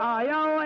A yau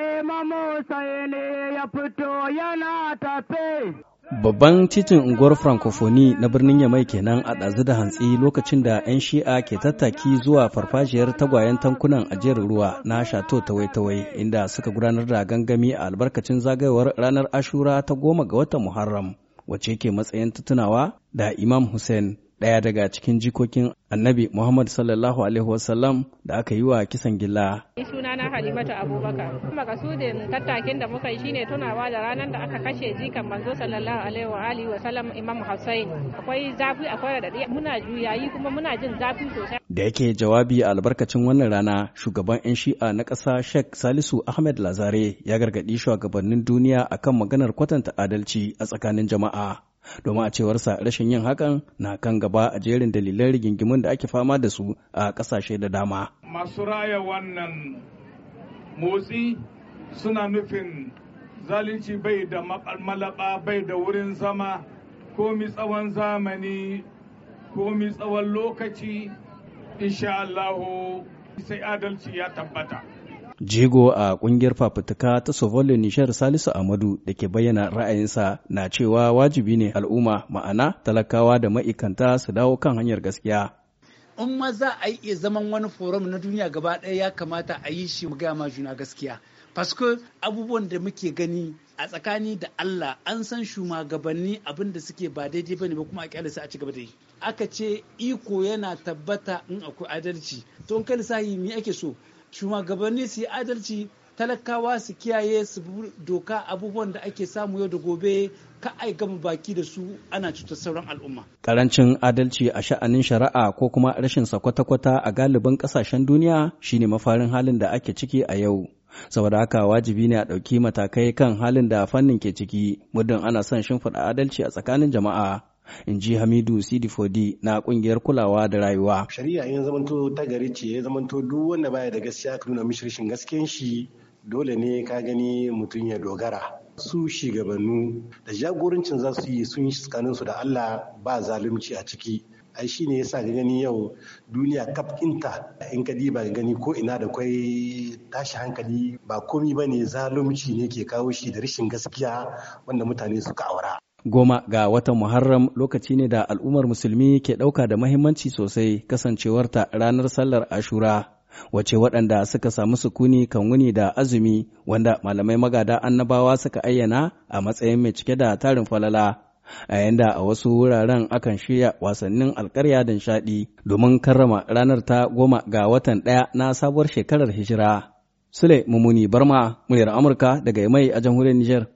ya fito yana tafe. Babban titin unguwar Francophonie na birnin Yamai kenan a ɗazu da hantsi lokacin da 'yan shi'a ke tattaki zuwa farfajiyar tagwayen tankunan ajiyar ruwa na Shato Tawai-Tawai inda suka gudanar da gangami a albarkacin zagayowar ranar Ashura ta goma ga watan Muharram wacce ke matsayin tutunawa da Imam Hussein ɗaya daga cikin jikokin annabi Muhammad sallallahu Alaihi wasallam da aka yi wa kisan gilla. Sunana Halimatu Abubakar. Makasudin tattakin da muka yi shine tunawa da ranar da aka kashe jikan manzo sallallahu Alaihi wa alihi Imam Hussein. Akwai zafi akwai raɗaɗi muna juyayi kuma muna jin zafi sosai. Da yake jawabi a albarkacin wannan rana shugaban 'yan shi'a na ƙasa Sheikh Salisu Ahmed Lazare ya gargaɗi shugabannin duniya akan maganar kwatanta adalci a tsakanin jama'a. domin a cewarsa rashin yin hakan na kan gaba a jerin dalilan rigingimun da ake fama da su a ƙasashe da dama. Masu raya wannan motsi suna nufin zalunci bai da malaba bai da wurin zama komi tsawon zamani komi tsawon lokaci insha sai adalci ya tabbata. Jigo a kungiyar fafutuka ta sovole Nishar Salisu Amadu da ke bayyana ra'ayinsa na cewa wajibi ne al'umma ma'ana talakawa da ma'ikanta su dawo kan hanyar gaskiya. In ma za a yi zaman wani forum na duniya gaba ɗaya ya kamata a yi shi mu gaya ma juna gaskiya. Fasko abubuwan da muke gani a tsakani da Allah an san shugabanni abin da suke ba daidai bane ba kuma a kyale su a ci gaba da yi aka ce iko yana tabbata in akwai adalci to in kai lissahi me ake so shugabanni su yi adalci talakawa su kiyaye su doka abubuwan da ake samu yau da gobe ka ai gama baki da su ana cutar sauran al'umma. Karancin adalci a sha'anin shari'a ko kuma rashin sa kwata a galibin kasashen duniya shine mafarin halin da ake ciki a yau. saboda haka wajibi ne a ɗauki matakai kan halin da fannin ke ciki muddin ana son shimfiɗa adalci a tsakanin jama'a in ji hamidu CD4D na kungiyar kulawa da rayuwa shari'a in zamanto ta gari ce ya zamanto duk wanda baya da gaskiya ka nuna mishi rashin gasken shi dole ne ka gani mutum ya dogara su shugabannu da jagorancin za su yi sun yi su da allah ba zalunci a ciki ai shi ne yasa gani yau duniya kaf inta in ka ba gani ko ina da kwai tashi hankali ba komi ba ne zalunci ne ke kawo shi da rashin gaskiya wanda mutane suka aura Goma ga watan Muharram lokaci ne da al'ummar musulmi ke ɗauka da mahimmanci sosai kasancewarta ranar sallar Ashura. Wace waɗanda suka samu sukuni kan wuni da azumi wanda malamai magada annabawa suka ayyana a matsayin mai cike da tarin falala. a yanda a wasu wuraren akan shirya wasannin alkarya da nishadi domin karrama ranar ta goma ga watan ɗaya na sabuwar shekarar hijira. Sule Mumuni Barma, muryar Amurka daga mai a jamhuriyar Nijar.